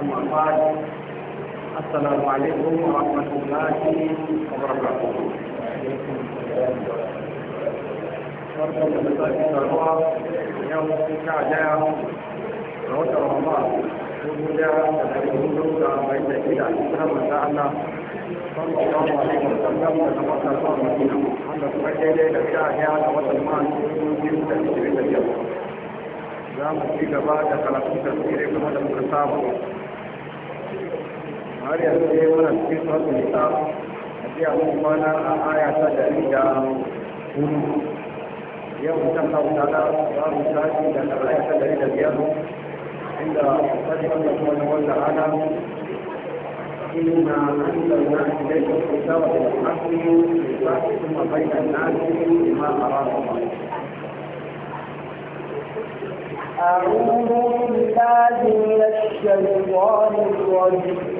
أما بعد alaikum عليكم ورحمة الله وبركاته barkan da yau sun sha daya a wata ramadan dubu daya da dari hudu da da shida na manzo da makka wanda daidai da sha daya da biyu da da biyar za mu ci gaba da kuma da muka har yanzu dai muna cikin sautin nisa a jiya mun kwana a aya ta dari da hudu yau mutum kawo ta da za mu tashi daga aya ta dari da biyar inda sashi wanda kuma na wanda ana إنا أنزلنا إليك الكتاب بالحق لتحكم بين الناس بما أراد الله أعوذ بالله من الشيطان الرجيم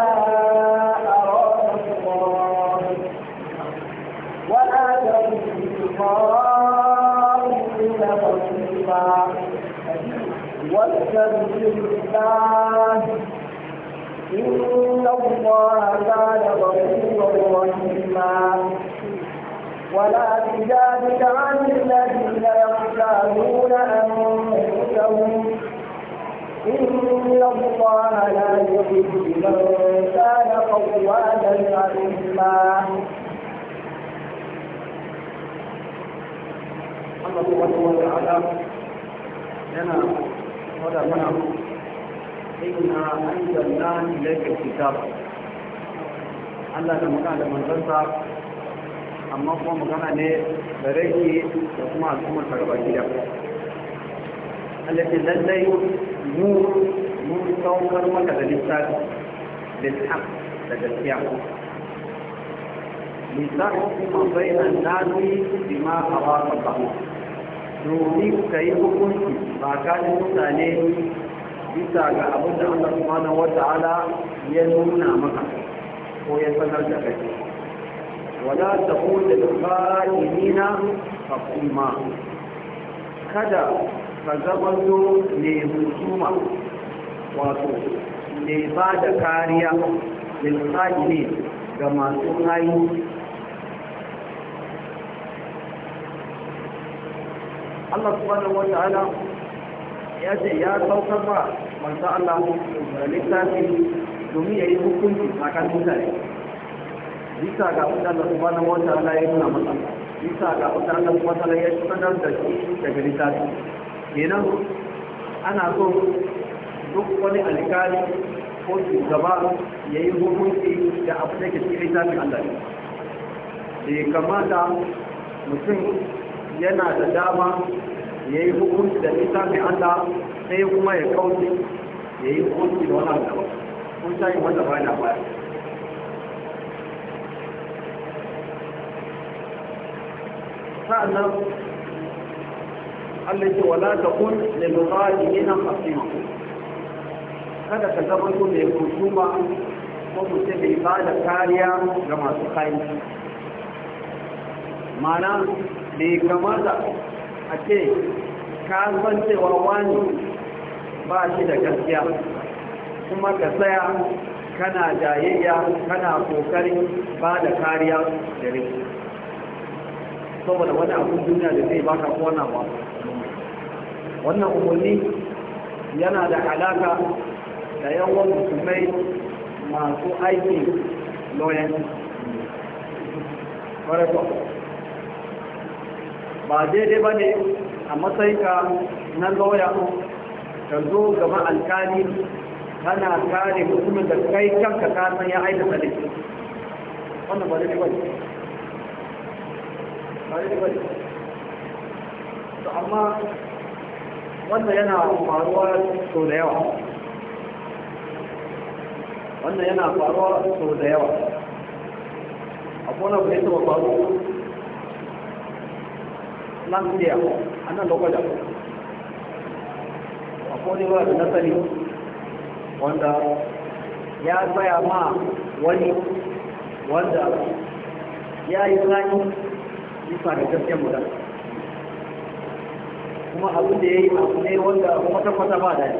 إن الله كان غفورا رحيما ولا تجادل عن الذين يختارون أنفسهم إن الله لا يحب من كان قوالا عليما الله سبحانه وتعالى yana ظلمه إنا أنزلنا إليك الكتاب Allah da magana da manzansa amma kuma magana ne da rage da kuma al'ummar ta gaba gida. Allah lallai mu mu saukar maka da lissafi lishaq da gaskiya. Lissafi kuma bai nan nasi bima a wasan domin ka yi hukunci ba yi mutane bisa ga abin da Allah subhanahu ala ya nuna maka ko ya sanar da kai wala taqul lil qa'ilina faqima kada ka zamanto ne hukuma wato ne ba da kariya lil ne ga masu hayi Allah subhanahu wa ta'ala ya ce ya saukar ba manzo Allah da littafi domin ya yi hukunci tsakanin mutane bisa ga abin da Allah subhanahu wa ta'ala ya nuna masa bisa ga abin da Allah subhanahu wa ta'ala ya sanar da shi daga littafi kenan ana so duk wani alƙali ko shugaba ya yi hukunci da abu da ke cikin littafin Allah ne kamata mutum yana da dama ya yi hukunci da mai Allah sai kuma ya kauce ya yi hukunci da wannan gaba kun yi wanda ba na baya sa'annan Allah ce wala ta kun da lura yana fasima kada ka zama ko mai kusuma ko ce mai ba da kariya ga masu kayan mana bai kamata a ce ka san cewa wani ba shi da gaskiya kuma ka tsaya kana jayayya kana kokarin ba da kariya da rai saboda wani abin duniya da zai baka kona ba wannan umarni yana da alaka da yawan musulmai masu aiki loyan ƙwararwa ba daidai ba ne a ka na lauya ka zo gaba alkali kana kare mutumin da kai kanka ka san ya ta ne wannan ba daidai ba ne ba daidai ba ne to amma wannan yana faruwa sau da yawa wannan yana faruwa sau da yawa akwai wani abu da ya faru Islandia a nan lokwada a kone ruwa da nasari wanda ya tsaya ma wani wanda ya yi tsani bisa da gaskiyar mutum kuma abin da ya yi abu ne wanda kuma tabbata ba da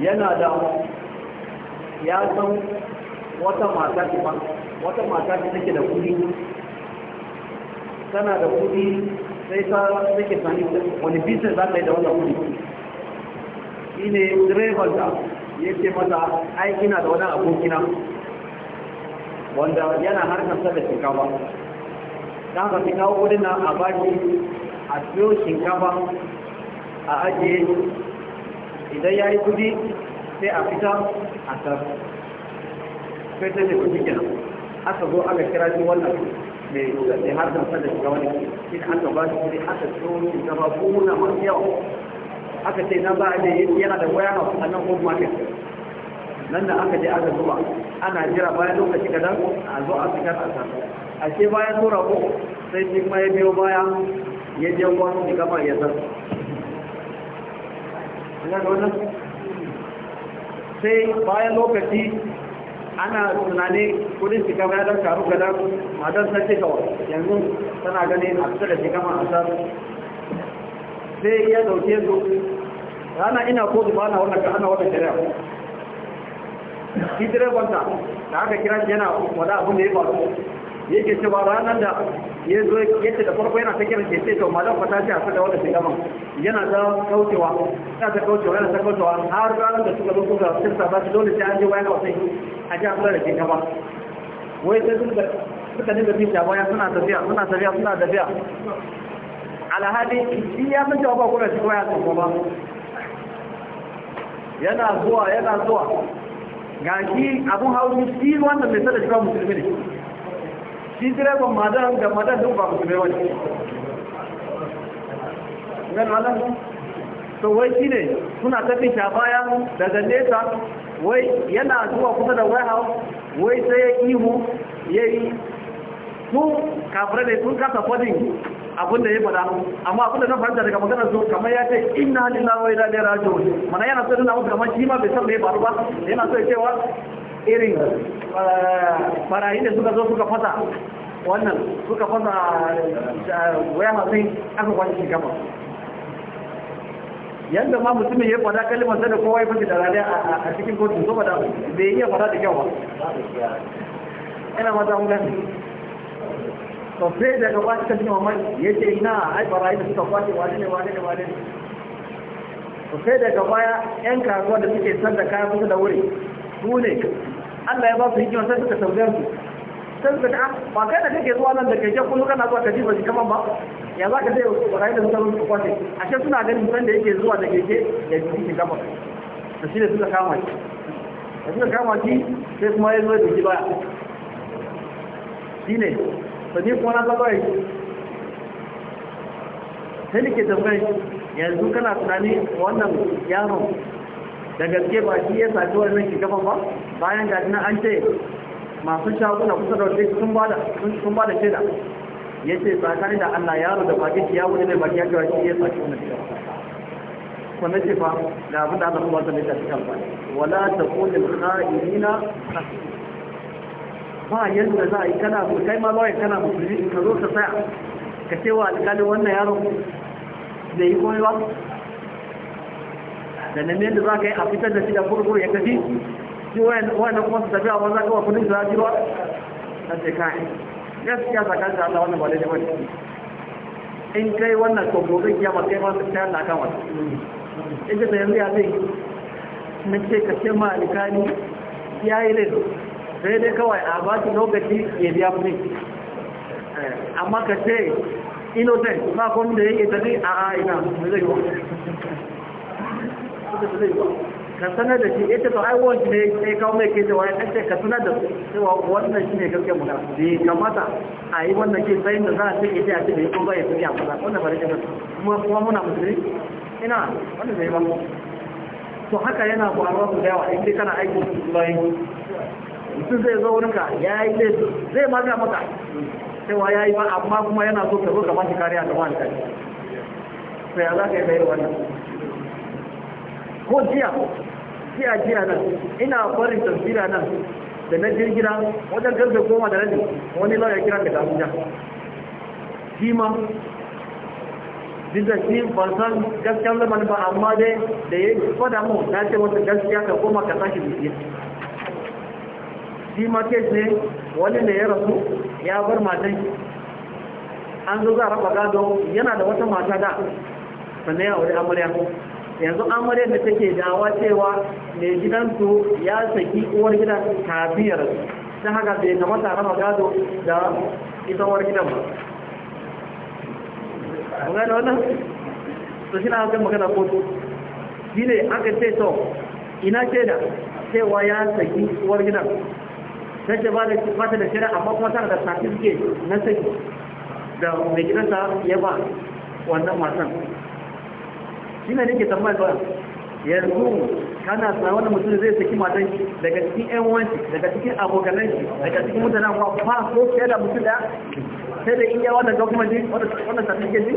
yana da ya san wata mata ce wata mata ce take da kudi tana da kudi sai ta sake sani wani bisa za ta yi da wannan kudi shi ne direban da ya ce mata ai ina da wani abokina wanda yana harkar sa da shinkafa haka ka kawo kudin na a baki a siyo shinkafa a ajiye idan ya yi kudi sai a fita a sarfi sai ta ne kudi kenan aka zo aka kira shi wannan mai har da fada ba da ba kuna yana da waya a nan a a fitar a samu bayan tura ana tunani kudin su ya yadda karu gada matar ta ce kawai yanzu tana ganin a kusa da shekama a asar sai ya dauke su rana ina ko ba na wannan ana wata shari'a shi direbanta da aka kira shi yana wada abin da ya faru yake cewa ranar da ya zo yake da farko yana ta kiran kece to malam fata ce a saka ke gama. yana da kaucewa yana ta kaucewa yana ta kaucewa har ranar da suka zo suka sirta ba su dole sai an je wayan wasai a ji akwai da ke gaba wai sai suka suka dinga bin ta baya suna tafiya suna tafiya suna tafiya alhali shi ya san cewa ba kuma shi kuma ya san kuma yana zuwa yana zuwa ga shi abun hauri shi wannan mai sada shi ba musulmi ne shi direban madan da madan duk ba musulmai wani gan Allah to wai shine suna tafi ta baya daga nesa wai yana zuwa kusa da warehouse wai sai ya ihu yayi su kafirai ne sun kasa fadin abin da ya faɗa amma abin da na fahimta daga magana su kamar ya ce inna lillahi wa inna ilaihi raji'un mana yana so nuna musu kamar shi ma bai san me ya faru ba yana so ya cewa irin farayin eh, da suka zo suka fasa wannan suka fasa masai eh, aka kwanci gaba yadda ma mutumin ya kwada kalimar sa da kowa ya fashe da rani a cikin kotun so da bai iya fada da kyau ba ina mata mun gani to sai daga ba ta cikin mamaki ce ina ai barayi da suka kwace wani ne wani ne wani ne to sai daga baya yan kasuwa da suke sanda kaya kusa da wuri su ne Allah ya ba su hikima sai suka tambaye su sai suka ta ah, ba kai da kake zuwa nan da kake kullu kana zuwa kaji ba shi kaman ba ya za ka sai warai da mutane su kwace ce suna ganin san da yake zuwa da keke da jiki shi kaman to shi ne suka kama shi da suka kama shi sai kuma ya zo da shi baya shi ne to ni kuma na zaba shi sai ke tambaye yanzu kana tunani wannan yaron da gaske ba shi ya saci wannan shigaban ba bayan ga nan an ce masu shaguna kusa da wajen sun bada sun bada shaida ya ce tsakanin da Allah yaro da bakin shi ya wuce mai baki ya gawa shi ya saci wannan shigaban kuma ce fa da abin da Allah kuma zai ta cikin ba wala ta kulli kha'inina ba yadda za a yi kana kai ma lawyer kana musulmi ka zo ka tsaya ka ce wa alkalin wannan yaron da yi komai ba sannan yadda za ka yi a fitar da shi da furfur ya tafi shi wani kuma su tafiya wanda kawo kudin su zafi ba a ce kai gaskiya tsakanin da Allah wannan ba da bane in kai wannan to gobe kiyama kai ma sai Allah kan wata in ka yanzu ya zai na ce ka ce ma alikani ya yi rai sai dai kawai a ba shi lokaci ya biya kuɗi eh, amma ka ce innocent ba kuma da yake tafi a a ina mai zai yi wa da zai ka sanar da shi ya eh, ce to ai wanki ne ya kawo mai ke cewa ya ce ka sanar da su cewa wannan shi ne muna ya kamata a yi wannan ke sayin da za a ce ya eh, ce a ce kuma ya fi a kusa wannan fara ke kuma kuma muna musulmi ina wannan zai ba to haka yana faruwa su da yawa in kana aiki su bayi mutum zai zo wurinka ya yi zai maga maka cewa ya yi ba amma kuma yana so ka zo kariya ba shi kariya sai ya za ka yi wannan ko jiya jiya jiya nan ina barin tafsira nan da na jirgina wajen karfe goma da rani wani lauya kira da abuja shi ma bisa shi ban san gaskiyar zaman ba amma dai da ya fada mu ta ce wata gaskiya ka koma ka sashi biki shi ma ke ce wani da ya rasu ya bar matan an zo za a raba gado yana da wata mata da sannan ya wuri amarya yanzu amaryar da take dawa cewa mai gidansu ya saki uwar gidan kafiyar ta haka bai kamata rama gado da ita uwar gidan ba gane wannan to shi na haka magana kotu shi ne ka ce to ina ce da cewa ya saki uwar gidan ta ce ba ta da shari'a amma kuma tana da suke na saki da mai gidansa ya ba wannan masan shi ne nake tambayar ba yanzu kana sa wani mutum zai saki matan shi daga cikin ƴan wanci daga cikin abokanan shi daga cikin mutane ba ba ko fiye da mutum da sai da iya wannan ji wannan ke ji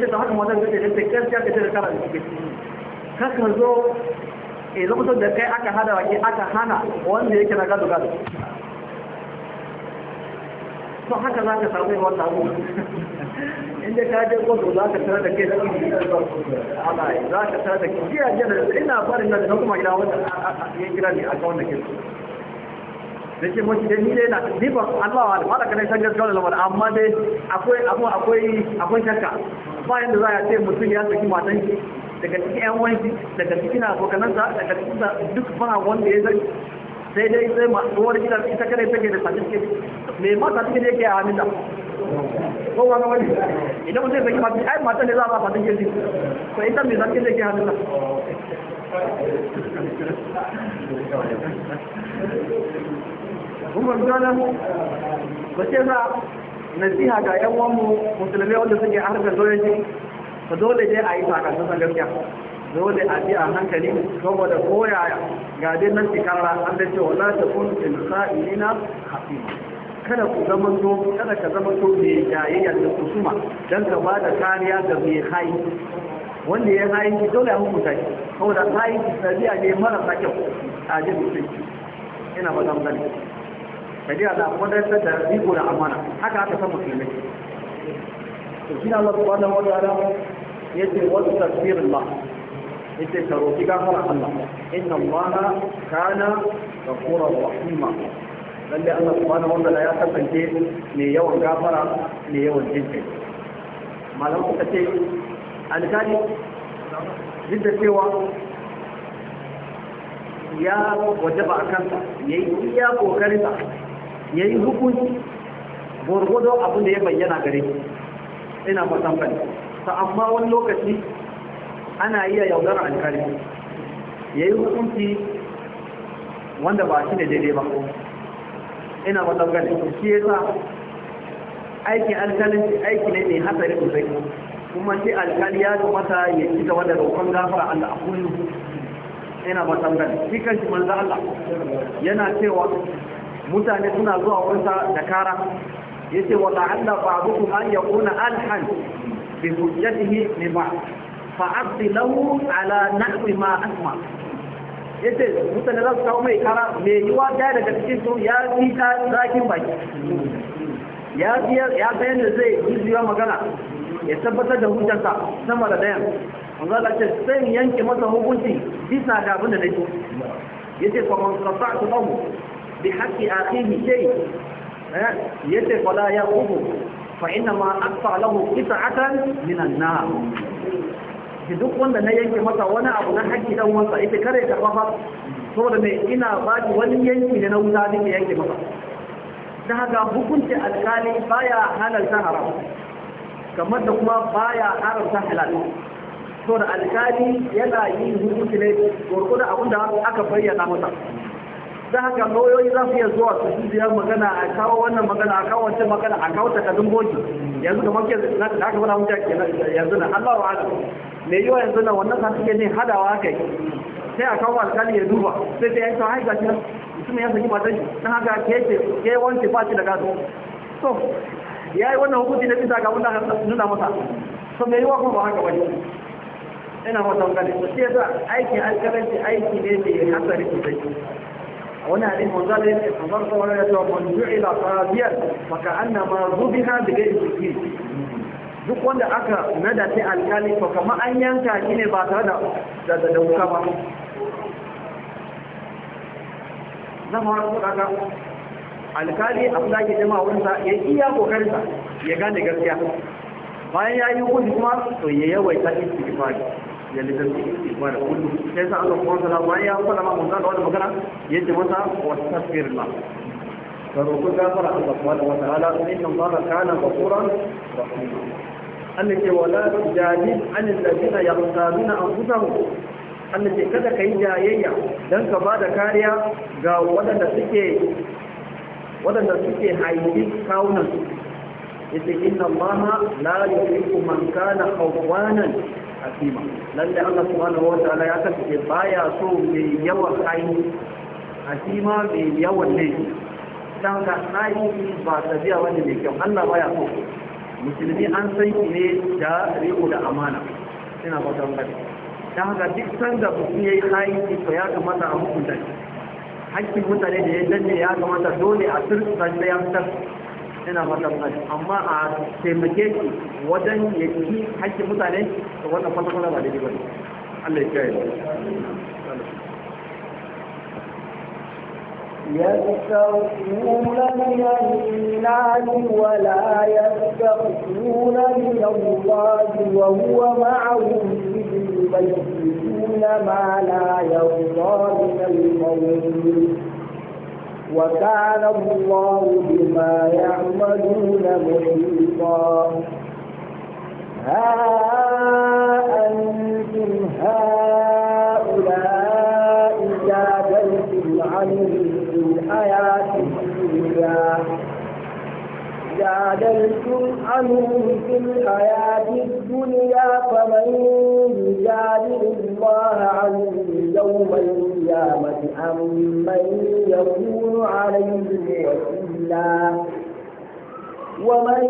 sai ka haka wannan zai da tekar ka da kara Ka ka zo e lokacin da kai aka hada wake aka hana wanda yake na gado gado to haka za ka samu wannan abu inda ka je gozo za ka tara da kai da alai za ka tara da kai jiya jiya da ina farin nan da kuma gida wanda ya kira ni a kawon da ke da ke mashi da ni dai na ni ba Allah wa alfada kana san gaskiya da lamar amma dai akwai abu akwai akwai shakka ba yanda za ya ce mutum ya saki matan shi daga cikin yan wanki daga cikin abokanansa daga cikin duk ba wanda ya zai sai dai sai ma uwar gidan ita kare take da certificate me ma certificate yake a hannunta ko ba wani idan mutum zai fata ai matan da za a ba ke kirki to ita mai zarki zai ke hannuna kuma gana ba ce za nasiha ga yan mu musulmai wanda suke a harkar dole ba dole dai a yi sakasa san gaskiya dole a bi a hankali saboda koya ga dai nan shekara an da cewa la ta kun insa'ilina hafiz kada ku zamanto kada ka zamanto mai jayayya da kusuma don ka ba da kariya ga mai hayi wanda ya hayi ki dole a hukunta shi saboda hayi ki tabiya ne mara marasa kyau a jin musulunci ina ba zan gani kajiya da wadansa da riko da amana haka haka san musulmi to shi Allah subhanahu wa ta'ala yace wasu tasbirin ba yace ka roki gafara Allah inna Allah kana ghafurur rahima lalle Allah subhanahu wa ta'ala ya kasance mai yawan gafara mai yawan jinkai malam suka ce alkali duk da cewa ya wajaba a kansa ya yi iya kokarinsa ya yi hukunci gwargwado abin da ya bayyana gare shi ina fatan fani ta amma wani lokaci ana iya yaudara alkali ya yi hukunci wanda ba shi ne daidai ba ina wata gani shi yasa aikin alkalinci aiki ne mai hatsari sosai kuma shi alkali ya kamata ya ci gaba da roƙon gafara Allah a kullum ina wata gani shi kanshi manzo Allah yana cewa mutane suna zuwa wurinsa da kara yace wa la'alla ba'dukum an yakuna alhan bi hujjatihi min ba'd fa'abdi lahu ala nahwi ma asma' yace mutane za su kawo mai kara mai yiwa daya daga cikin su ya fi ta zakin baki ya ya bayan da zai gujewa magana ya tabbatar da hujjarsa sama da dayan wanda Allah ce sai yanke masa hukunci bisa ga abin da nake yace fa man sarfa'tu lahu bi ce ya shay eh, yace fala yaqubu fa inna ma aqta lahu ita akan minan na. ki duk wanda na yanke masa wani abu na haƙƙi ɗan wansa ita kare ta fa saboda me ina baki wani yanki da na wuta nake yanke masa da haka hukunci alƙali baya halalta haram kamar da kuma baya haramta halal to da alƙali yana yi hukunci ne gurgurda abin da aka bayyana masa da haka lauyoyi za su iya zuwa su ziyar magana a kawo wannan magana a kawo wancan magana a kawo takadun boki yanzu kamar ke na da aka fara mutane yanzu na Allah wa ala me yiwa yanzu na wannan sa suke ne hadawa kai sai a kawo alkali ya duba sai sai yanka haika shi mutum ya saki matan shi dan haka ke ce ke wanke ba shi da gado to yayi wannan hukunci ne bisa ga wanda nuna masa so me yiwa kuma ba haka bane ina mata gane to sai yasa aikin alkalanci aiki ne mai hasari sai wani hadin manzala yake kamar sa wani ya cewa man ju'ila qadiyan fa ka'annama zubiha bi ghairi sikin duk wanda aka nada sai alkali to kama an yanka shi ne ba tare da da dauka ba zama wani kuɗaɗa alkali a da ke jama wurinsa ya iya kokarinsa ya gane gaskiya bayan ya yi hukunci kuma to ya yawaita istighfari ya littafi ba da kullu sai sa Allah kuma sallallahu alaihi ya fada ma mun da wannan magana yace masa wastaghfirullah fa roƙo gafara Allah subhanahu ala ta'ala inna Allah kana ghafuran rahima Allah ce wala jadid an alladhina yaqtaluna anfusahum Allah ce kada kai jayayya dan ka bada kariya ga waɗanda suke waɗanda suke haifi kawunan yace inna Allah la yuhibbu man kana khawwanan asima da Allah subhanahu wa ta'ala ya kasance baya so mai yawan ayi asima mai yawan ne dan ka kai ba tabiya wani mai kyau Allah baya so musulmi an san shi ne da riko da amana ina ba ta bari dan haka duk da mutum yayi ayi to ya kamata a hukunta shi hakkin mutane da ya danne ya kamata dole a sirri sai ya ina matan amma a taimake shi wajen ya ci hakkin mutane da wannan kwata ba daidai ba ne Allah ya يستغفرون من الناس ولا يستغفرون من الله وهو معهم يبيتون ما لا يرضى من الموت وكان الله بما يعملون محيطا ها أنتم هؤلاء جادلتم في الحياة الدنيا جادلتم عنهم في الحياة الدنيا فمن يجادل الله عنهم يوم القيامة أم من يكون عليهم وكيلا ومن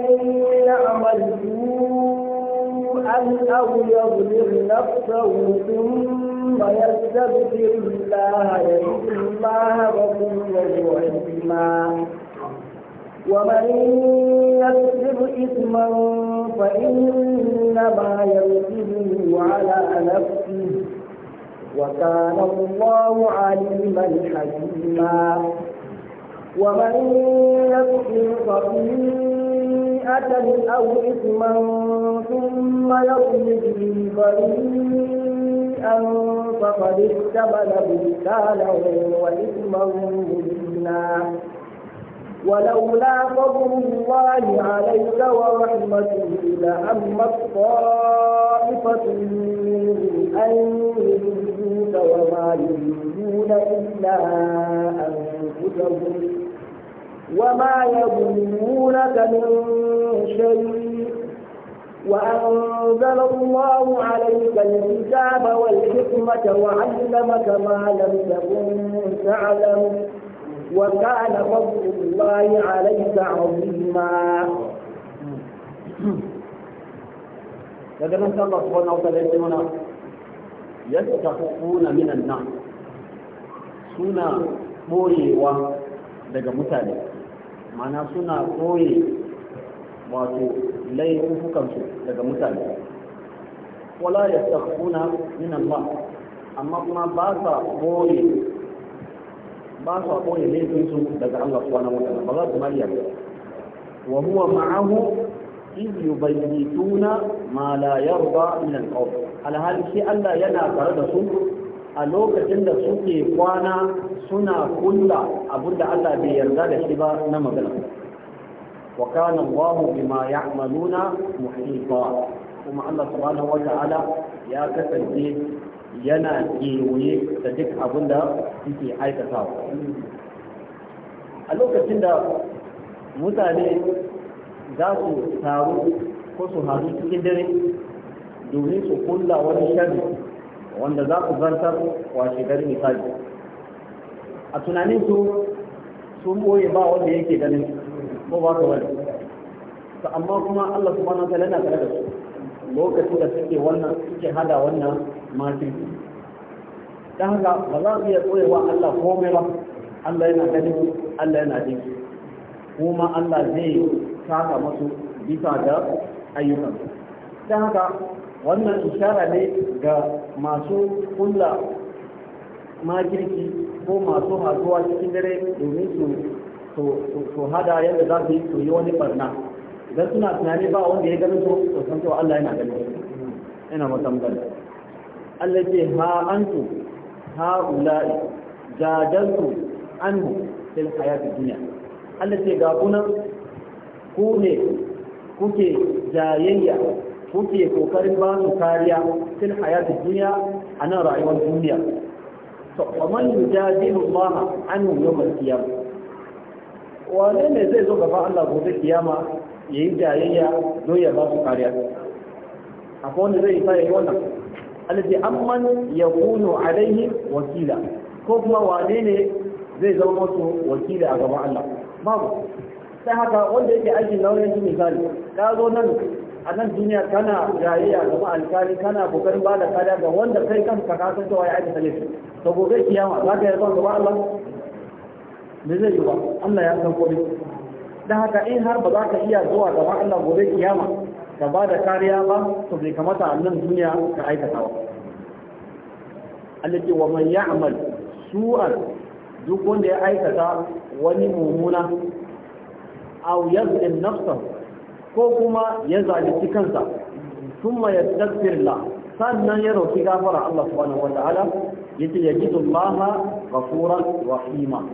يعمل سوءا أو يظلم نفسه ثم يستغفر الله يجد الله غفورا رحيما ومن يكسب إثما فإنما يكسبه على نفسه وكان الله عليما حكيما ومن يكسب خطيئة أو إثما ثم يرمي به بريئا فقد احتمل بهتانا وإثما مبينا ولولا فضل الله عليك ورحمته لأمت طائفة منهم أن يؤذوك وما يؤذون إلا أنفسهم وما يظنونك من شيء وأنزل الله عليك الكتاب والحكمة وعلمك ما لم تكن تعلم وكان فضل الله عليك عظيما daga nan Allah subhanahu wataala ya ce mana yastakhuna minan nas suna daga mutane mana suna boye wato laifukan su daga mutane wala yastakhuna minan ba, amma kuma ba sa boye ba sa koyi laifinsu daga Allah subhanahu wa ta'ala ba za su mariya ba wa huwa ma'ahu iz yubayyituna ma la yarda min al-qawl alhal shi Allah yana tare da su a lokacin da suke kwana suna kulla abinda Allah bai yarda da shi ba na magana wa kana Allah bima ya'maluna muhita kuma Allah subhanahu wa ta'ala ya kasance yana kewaye da duk abin da suke aikatawa a lokacin da mutane za su taru ko su haru cikin dare domin su kulla wani shari wanda za su zartar washe gari misali a tunanin su sun boye ba wanda yake ganin ko ba su wani amma kuma Allah subhanahu wa ta'ala yana tare da su lokacin da suke wannan suke hada wannan makirki ta haka ba za mu iya tsoyewa Allah komai ba Allah yana ganin Allah yana jin kuma Allah zai saka masu bisa da ayyukan ta haka wannan ishara ne ga masu kulla makirki ko masu hasuwa cikin dare domin su su hada yadda za su yi su yi wani barna idan suna tunani ba wanda ya gani su to san cewa Allah yana ganin ina mutum gani Allah ce ha antu ha ulai jadantu anhu fil hayati dunya Allah ce ga kuna ku ne kuke jayayya kuke kokarin ba su kariya fil hayati dunya a nan rayuwar duniya to man yujadilu Allah anhu yawm al-qiyamah wane ne zai zo gaba Allah gobe kiyama ya yi jayayya don ya ba su kariya akwai wanda zai yi sa yi wannan alladhi amman yakunu alaihi wakila ko kuma wane ne zai zama wasu wakila a gaban Allah babu sai haka wanda yake aikin lauyan shi misali ka zo nan a nan duniya kana jayayya gaban alkali kana kokarin ba da kariya ga wanda kai kanka ka san cewa ya aikata laifi to gobe kiyama za ka yarda zuwa gaban Allah da zai yi ba Allah ya san komai dan haka in har ba za ka iya zuwa gaba Allah gobe kiyama ka ba da kariya ba to bai kamata a nan duniya ka aikata ba allake wa man ya'mal su'an duk wanda ya aikata wani mummuna aw yazlim nafsahu ko kuma ya zalunci kansa thumma yastaghfir la sannan ya roki gafara Allah subhanahu wa ta'ala yace yajidu Allah ghafuran rahima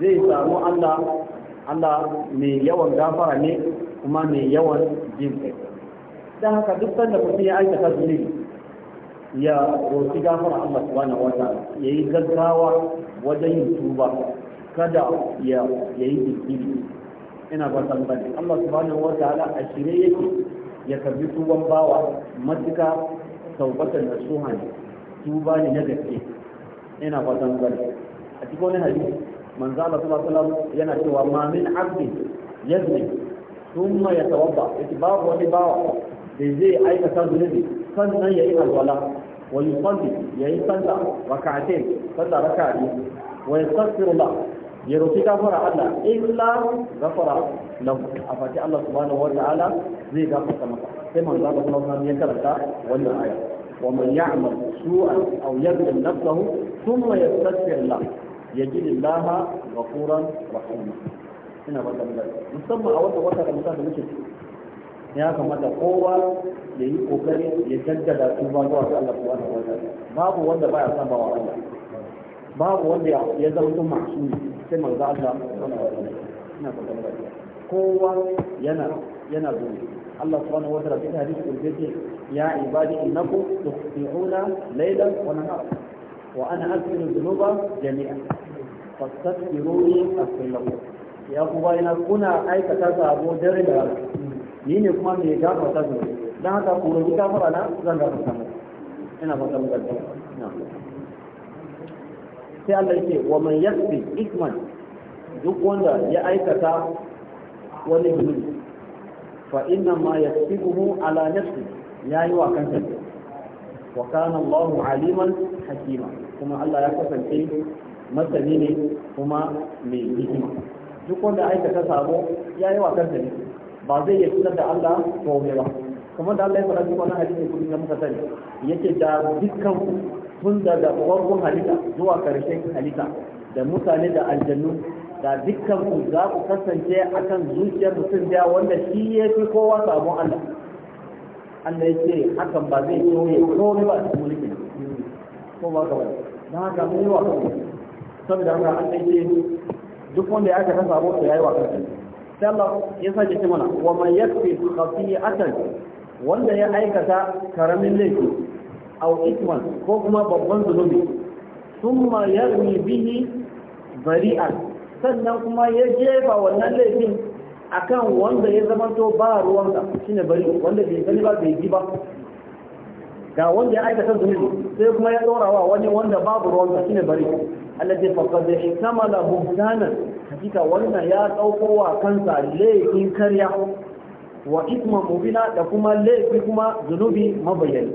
zai samu Allah Allah mai yawan gafara ne kuma mai yawan jin kai dan haka duk sanda mutum ya aikata zunubi ya roki gafara Allah subhanahu Ya yi gaggawa wajen yin tuba kada ya yi jinkiri ina ba san bane Allah subhanahu ala a shirye yake ya karbi tuban bawa matuka taubatan da suhan tuba ne na gaske ina ba san bane a cikin wani hadisi manzo Allah sallallahu alaihi wasallam yana cewa ma min abdin yazni ثم يتوضا اتباع واتباع zai اي تسبب sannan ya yi alwala wa yi salli ya yi salla raka'atain salla raka'i wa yastaghfirullah ya roki gafara Allah illa gafara lahu a fati Allah subhanahu wa ta'ala zai gafarta masa sai manzo Allah sallallahu alaihi ya karanta wannan aya wa man ya'mal ina ba ta musamman a wata wata da musamman muke ya kamata kowa ya yi kokari ya jaddada su ba zuwa ga Allah subhanahu wa ta'ala babu wanda baya saba wa Allah babu wanda ya zama masu sai manzo Allah subhanahu wa ta'ala ina ba ta kowa yana yana zuwa الله سبحانه وتعالى في هذه الجزء يا عبادي إنكم تخطئون ليلا ونهارا وأنا أغفر الذنوب جميعا فاستغفروني أغفر لكم ya ku bayina kuna aikata sabo dare da ni ne kuma mai ta su don haka ku roƙi gafara na zan gafarta mu ina fata mu gaskiya sai Allah yake wa man yakfi ikman duk wanda ya aikata wani zunubi fa inna ma yakfihu ala nafsi yayi wa kansa wa kana Allahu aliman hakima kuma Allah ya kasance masani ne kuma mai hikima duk wanda aikata samu ya yi wasan da ne ba zai iya fitar da Allah ko mai ba kamar da Allah ya faɗa cikin hadisi ne da muka sani yake da dukkan tun daga farkon halitta zuwa karshen halitta da mutane da aljannu da dukkan ku za ku kasance akan zuciyar mutum da wanda shi ya fi kowa samu Allah Allah ya ce hakan ba zai ko komai ba cikin mulkin ko ba ka ba da haka mun yi wa kanmu saboda haka Allah ya ce duk wanda ya aka sabo ta yayi wa kansa sai Allah ya sake ce mana wa man yakfi khati'atan wanda ya aikata karamin laifi aw ithman ko kuma babban zunubi thumma yarmi bihi bari'an sannan kuma ya jefa wannan laifin akan wanda ya zamanto ba ruwan da shine bari wanda bai gani ba bai ji ba ga wanda ya aikata zunubi sai kuma ya dora wa wani wanda babu ruwan da shine bari alladhi faqad ihtamala buhtana hakika wannan ya dauko wa kansa laifin karya wa ithma mubina da kuma laifi kuma zunubi mabayyani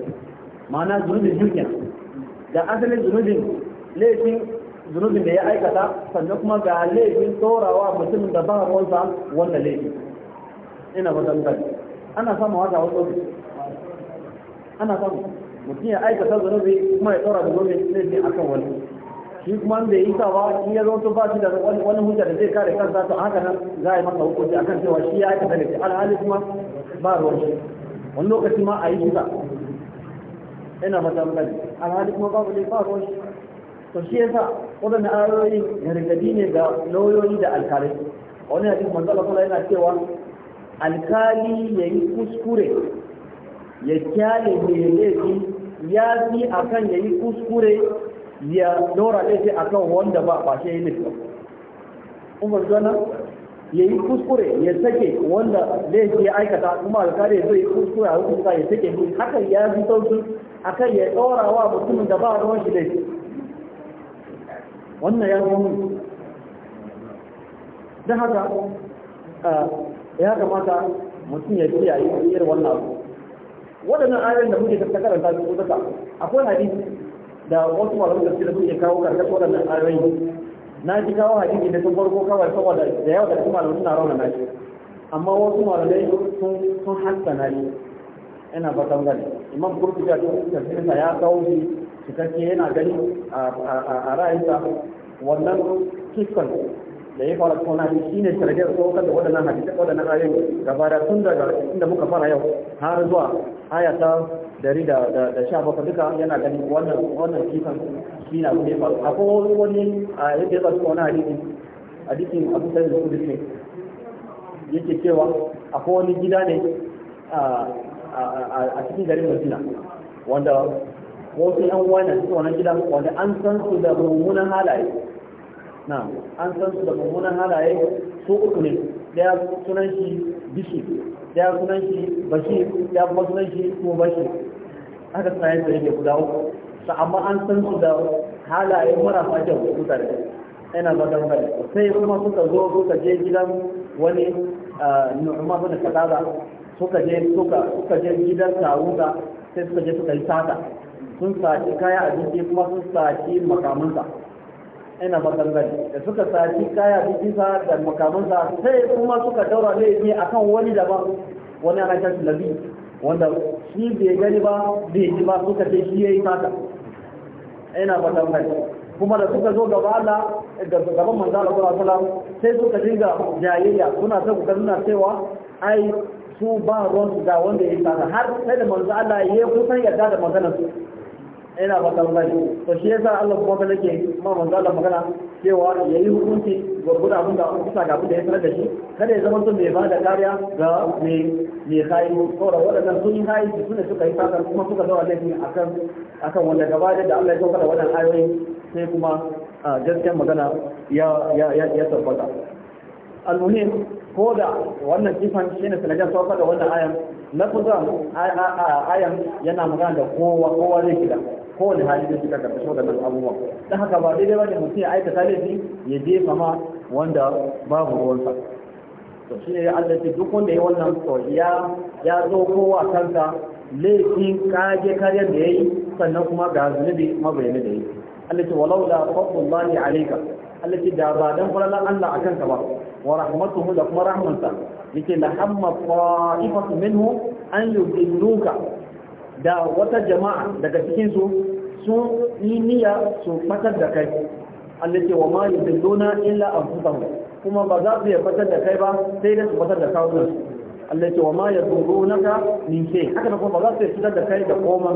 ma'ana zunubin dukiya da asalin zunubin laifin zunubin da ya aikata sannan kuma ga laifin tsorawa mutumin da ba ruwansa wannan laifi. ina ba zan gani ana samun wata wasu ofi ana samun mutum ya aikata zunubi kuma ya tsora da zunubi laifin akan wani shi kuma da yi sawa in ya zonto ba shi da wani hujja da zai kare kansa to haka nan za a yi masa hukunci a cewa shi ya da alhali kuma ba ruwan shi wani lokaci ma a yi kisa ina mata alhali kuma babu ne ba ruwan shi to shi yasa waɗannan ayoyin gargadi ne ga lauyoyi da alkalai wani hadisi manzo Allah yana cewa alkali yayi kuskure ya kyale mai laifi ya fi akan yayi kuskure ya dora ɗaya akan wanda ba ba shi ne kuma zana ya yi kuskure ya sake wanda laifi ya aikata kuma alkali zai kuskure a hukunta ya sake ne hakan ya fi sauki kan ya ɗora wa mutumin da ba ruwan shi laifi wannan ya zama da haka ya kamata mutum ya kiyaye irin wannan abu waɗannan ayoyin da muke karanta su kuka akwai hadisi da wasu malamin da suke suke kawo karkashin waɗannan ayoyi na ji kawo hakiki da sun farko kawai saboda da yawa da kuma malamin na rauna shi amma wasu malamai sun sun hassana shi ina ba tangare imam kurkuta ya ce tafsirsa ya kawo shi cikakke yana gani a ra'ayinsa wannan kiskon da ya fara kona shi shine tarjiyar tsohon da waɗannan hadisi waɗannan ayoyi gaba da tun daga inda muka fara yau har zuwa aya ta dari da da sha bakwai duka yana ganin wannan wannan kifan shi na kuma faru akwai wani a yadda ya faru wani hadisi hadisin abu sai da kudus ne yake cewa akwai wani gida ne a cikin garin Madina wanda wasu yan wani cikin wannan gidan wanda an san su da mummunan halaye na an san su da mummunan halaye su uku ne daya sunan shi bishi daya sunan shi bashir daya kuma sunan shi mubashir haka tsayen da yake guda uku su amma an san su da halaye marasa kyau tare ina ba da mutane sai kuma suka zo suka je gidan wani nu'uma bin kadaza suka je suka suka je gidan taruka sai suka je suka yi sata sun saki kaya abinci kuma sun saci makamansa ina ba gangare da suka saki kaya abincinsa da makamansa sai kuma suka daura laifi akan wani daban wani ana kyansu labi wanda shi bai gani ba bai ji ba suka ce shi ya yi ina ba tambayi kuma da suka zo gaba Allah gaban manzo Allah sallallahu alaihi wasallam sai suka dinga jayayya suna ta kokarin cewa ai su ba ruwan da wanda ya yi sata har sai da manzo Allah ya kusan yarda da maganar su ina ba tambayi to shi yasa Allah kuma ke ma manzo Allah magana cewa yayi hukunci gurgurda abin da kusa ga abin da ya sanar da shi kada ya zama sun mai ba da kariya ga mai mai kayi saboda waɗannan sun yi kayi su ne suka yi sakar kuma suka zama laifi akan akan wanda gaba da Allah ya saukar da waɗannan ayoyi sai kuma gaskiyar magana ya ya ya tabbata almuhim ko da wannan kifan shine sanadin saukar da wannan ayan na kusa ayan yana magana da kowa kowa zai kira kowane hali da suka karɓi sau da abubuwa don haka ba daidai ba ne mutum ya aikata laifi ya jefa ma wanda babu ruwansa to shi ne Allah ce duk wanda ya wannan to ya ya zo kowa kansa laifin kage karyar da yayi sannan kuma ga zunubi mabayani da yayi Allah ce walau la fadlullahi alayka Allah ce da ba dan falalan Allah akan ka ba wa rahmatuhu da kuma rahmansa yake la hamma qa'ifatu minhu an yudilluka da wata jama'a daga cikin su sun yi niyya su fatar da kai Allah wa ma yudilluna illa anfusahum kuma ba za su yafatar da kai ba sai da su fatar da kawunan su. ce wa ma yadurunaka min shay haka da kuma ba za su fitar da kai da komai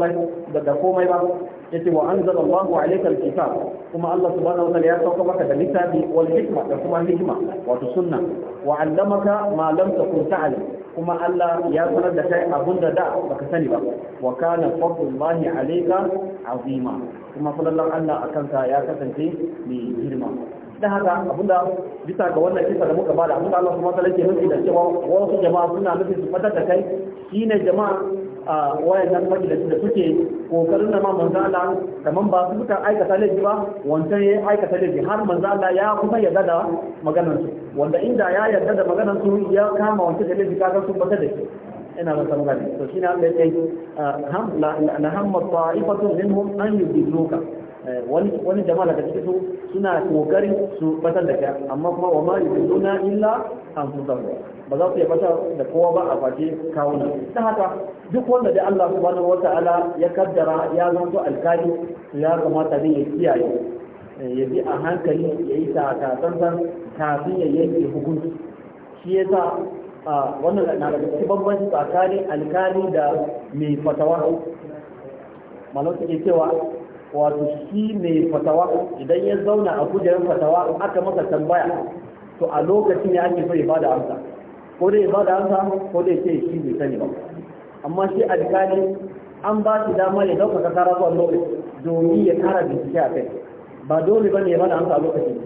ba da komai ba yace wa anzalallahu alayka alkitab kuma Allah subhanahu wa ta'ala ya sauka maka da littafi wal hikma da kuma hikma wato sunna wa allamaka ma lam takun ta'lam kuma Allah ya sanar da kai abunda da da baka sani ba wa kana fadlullahi alayka azima kuma fadlan Allah akan ka ya kasance mai girma da haka abunda bisa ga wannan kisa da muka bada abunda Allah kuma ta lake nufi da cewa wasu jama'a suna nufin su fatar da kai shine jama'a a wayannan majalisun da suke kokarin da ma manzo Allah kaman ba su suka aikata laifi ba wancan ya aikata laifi har manzo Allah ya kuma yarda da maganar su wanda inda ya yarda da maganar su ya kama wancan da laifi kaga sun bata da shi ina ba samu gani to ne Allah ya ce la hamma ta'ifatu minhum an yudilluka Eh, wani jama'a daga cikin su suna kokarin su batar da kai amma kuma wa ma yuduna illa an ba za su yi batar da kowa ba a kawo kawuna ta haka duk wanda da Allah subhanahu ta'ala ya kaddara ya zanto alkali ya kamata ne ya kiyaye eh, ya bi a hankali ya yi takatsantsan kafin ya yanke hukunci shi ya yasa wannan na daga cikin bambanci tsakanin alkali da mai fatawa malam suke cewa wato shi mai fatawa idan ya zauna a kujerar fatawa aka masa tambaya to a lokacin ne ake so ya bada amsa ko dai ya bada amsa ko dai ce shi bai sani ba amma shi alkali an ba shi dama ya dauka kara zuwa lokaci domin ya kara bincike a kai ba dole ba ne ya bada amsa a lokacin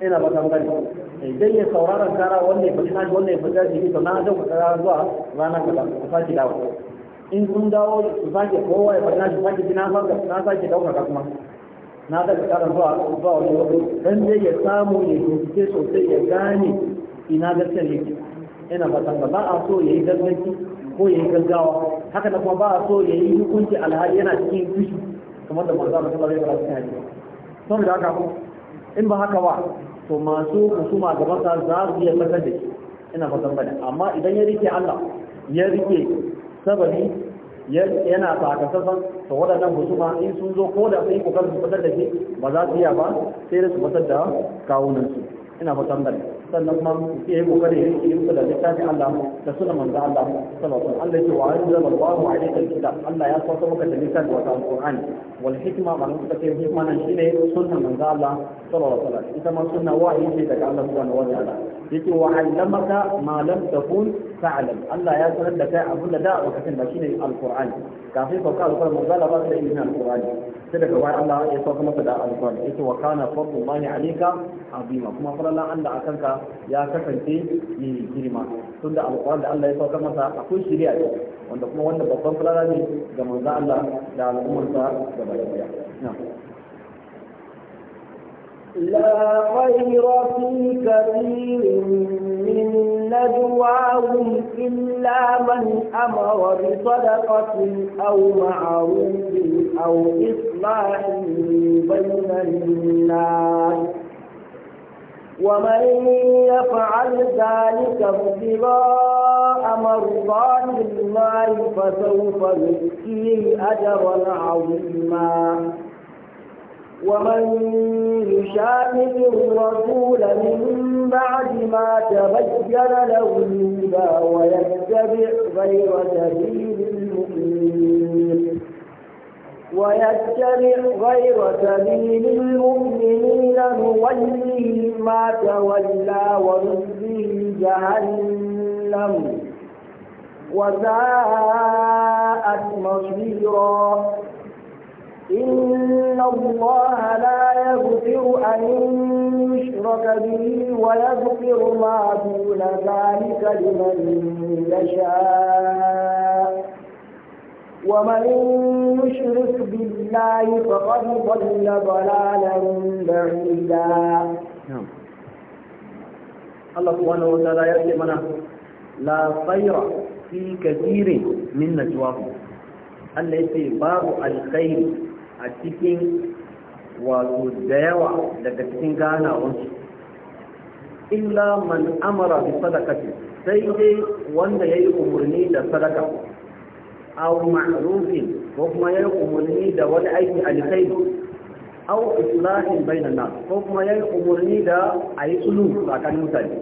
ina ba san gani idan ya saurara kara wanda ya faɗi shi wanda ya faɗi nashi to na dauka kara zuwa ranar kaza ku shi dawo in sun dawo su sake kowa ya fara shi sake na sake na sake daukaka kuma na daga karan zuwa zuwa wani wani dan dai ya samu ya bincike sosai ya gane ina gaskiyar yake ina fatan ba a so ya yi gaskiyar ko ya yi gaggawa haka da kuma ba a so ya yi hukunci alhali yana cikin fushi kamar da manzo Allah sallallahu alaihi wasallam ya faɗa da haka in ba haka ba to masu hukuma gaban sa za su iya fitar da shi ina fatan ba amma idan ya rike Allah ya rike sabani yana faka safan to waɗannan husuma in sun zo ko da sai yi kokarin su fitar da shi ba za su iya ba sai da su fitar da kawunan su ina fatan da sannan kuma ya yi kokari ya yi musu da littafi Allah da sunan manzo Allah sallallahu alaihi Allah ya ce wa anzala Allahu alayka alkitab Allah ya sauka maka da littafi wa alqur'ani wal hikma ma nan suka ce hikma nan shine sunan manzo Allah sallallahu alaihi wasallam ita ma sunna wahayi ce daga Allah subhanahu wa ta'ala yake wa allamaka ma lam takun ta'lam Allah ya sanar da kai abin da da lokacin ba shine alkur'ani kafin sauka alqur'ani manzo Allah ba sai yin alqur'ani sai daga bayan Allah ya sauka masa da alqur'ani yake wa kana fadlullahi alayka azima kuma farallan Allah akan ka ya kasance ni girma tunda alqur'ani da Allah ya sauka masa akwai shari'a wanda kuma wannan babban faralla ne ga manzo Allah da al'ummarsa gaba daya na'am لا خير في كثير من نجواهم إلا من أمر بصدقة أو معروف أو إصلاح بين الناس ومن يفعل ذلك ابتغاء مرضات الله فسوف يؤتيه أجرا عظيما ومن يشاهد الرسول من بعد ما تبين له الهدى ويتبع غير سبيل المؤمنين ويتبع غير سبيل المؤمنين نوليه ما تولى ونصليه جهنم وساءت مصيرا إن الله لا يغفر أن يشرك به ويغفر ما دون ذلك لمن يشاء ومن يشرك بالله فقد ضل ضلالا بعيدا نعم. الله سبحانه وتعالى يرحمنا لا خير في كثير من نجواهم التي باب الخير a cikin wato da yawa daga cikin ganawansu illa man amara bi sadakati sai dai wanda ya yi umarni da sadaka aw ma'rufin ko kuma ya yi umarni da wani aiki alkhairi aw islahin bainan nas ko kuma ya yi umarni da ayi sulu tsakanin mutane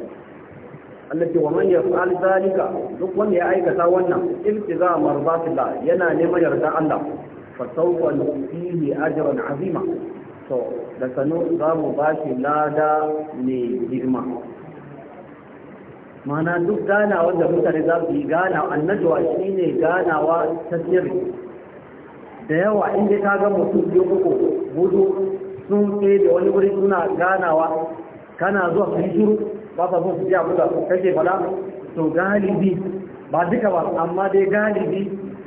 Allah ce wa man yaf'al zalika duk wanda ya aikata wannan iltiza marzatillah yana neman yarda Allah fa sawfa nu'tihi ajran azima to da sanu za mu ba shi lada ne girma mana duk ganawa da mutane za su yi gana annajuwa shi ne ganawa ta sirri da yawa inda ka ga mutum biyu uku gudu sun da wani wuri suna ganawa kana zuwa su yi shiru ba sa son su ji abu da kake fada to galibi ba duka ba amma dai galibi